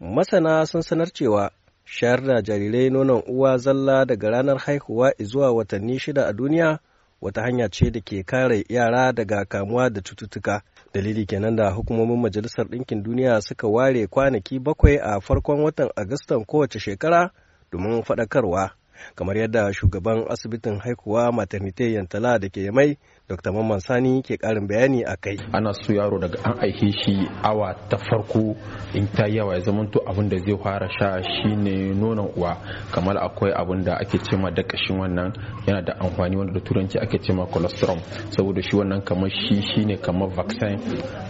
masana sun sanar cewa shayar da jarirai nonon uwa zalla daga ranar haihuwa zuwa watanni shida a duniya wata hanya ce da ke kare yara daga kamuwa da cututtuka dalili kenan da hukumomin majalisar ɗinkin duniya suka ware kwanaki bakwai a farkon watan agustan kowace shekara domin faɗakarwa kamar yadda shugaban asibitin haikuwa maternity yantala da ke mai dr mamman sani ke karin bayani a kai ana so yaro daga an aike shi awa ta farko in ta yawa ya zamanto abin da zai fara sha shine nonon uwa kamar akwai abin da ake cema da kashin wannan yana da amfani wanda da turanci ake cema colostrum saboda shi wannan kamar shi shine kamar vaccine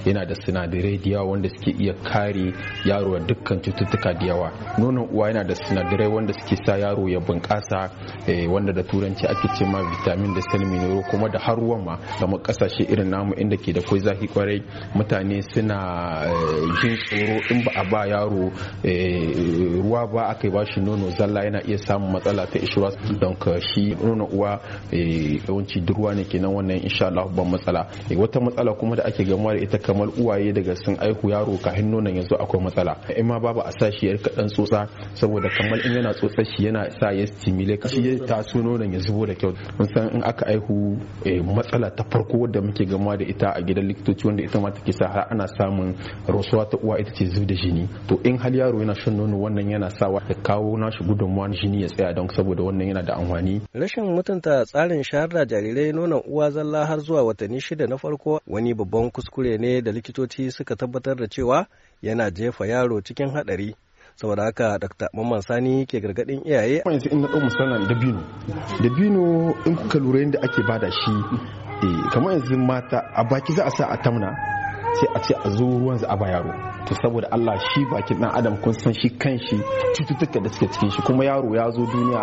yana da sinadarai da yawa wanda suke iya kare yaro da dukkan cututtuka da yawa nonon uwa yana da sinadarai wanda suke sa yaro ya bunƙasa bunƙasa eh, wanda da turanci ake ce ma vitamin da sel mineral kuma da har ruwan ma kamar kasashe irin namu inda ke da kwai zafi kwarai mutane suna eh, jin tsoro in ba a ba yaro eh, ruwa ba aka yi bashi nono zalla yana iya samun matsala ta ishirwa don ka shi nono uwa yawanci duk ruwa ne kenan wannan insha Allah ban matsala wata matsala kuma da ake gamuwa da ita kamar uwaye daga sun aihu yaro kafin nonon yanzu akwai matsala in ma babu a sa shi ya rika dan tsotsa saboda kamar in yana tsotsa shi yana sa yasti simile shi ya suno nonon ya zubo da kyau mun san in aka aihu eh, matsala ta farko wadda muke gamuwa da ita a gidan likitoci wanda ita ma take sa har ana samun rasuwa ta uwa ita ce zub da jini to in hal yaro yana shan nono wannan yana sawa ya kawo nashi gudunmuwa jini ya tsaya don saboda wannan yana da amfani rashin mutunta tsarin shayar da jarirai nonon uwa zalla har zuwa watanni shida na farko wani babban kuskure ne da likitoci suka tabbatar da cewa yana jefa yaro cikin haɗari saboda haka dakta mamman sani ke gargadin iyaye yanzu in na ɗau misalin da dabino in kuka lura yadda ake bada shi eh, kamar yanzu mata a baki za a sa a tamna sai a ce a zo ruwan za a ba yaro to saboda Allah shi bakin dan adam kun san shi kan shi cututtuka da suke cikin shi kuma yaro ya zo duniya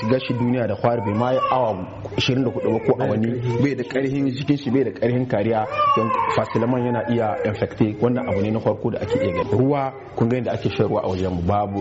shiga shi duniya da kwari bai ma ya awa 24 ba ko awanni bai da karhin jikin shi bai da karhin kariya don fasilaman yana iya infecte wannan abu ne na farko da ake iya gani ruwa kun ga da ake shan ruwa a wajen babu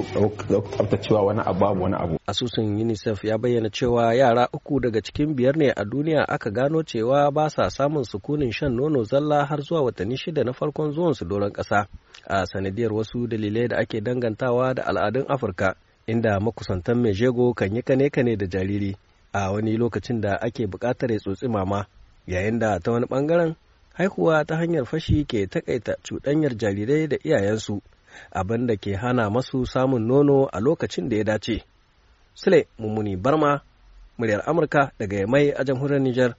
tsaftacewa wani abu babu wani abu asusun UNICEF ya bayyana cewa yara uku daga cikin biyar ne a duniya aka gano cewa ba sa samun sukunin shan nono zalla har zuwa A watanni shida na farkon zuwansu doron ƙasa a sanadiyar wasu dalilai da ake dangantawa da al'adun afirka inda makusantan mai jego kan yi kane-kane da jariri a wani lokacin da ake buƙatar ya tsotsi mama yayin da ta wani ɓangaren haihuwa ta hanyar fashi ke takaita cuɗanyar jarirai da iyayensu abin da ke hana masu samun nono a lokacin da ya dace. Sule Mummuni Barma, muryar Amurka daga Yamai a jamhuriyar Nijar.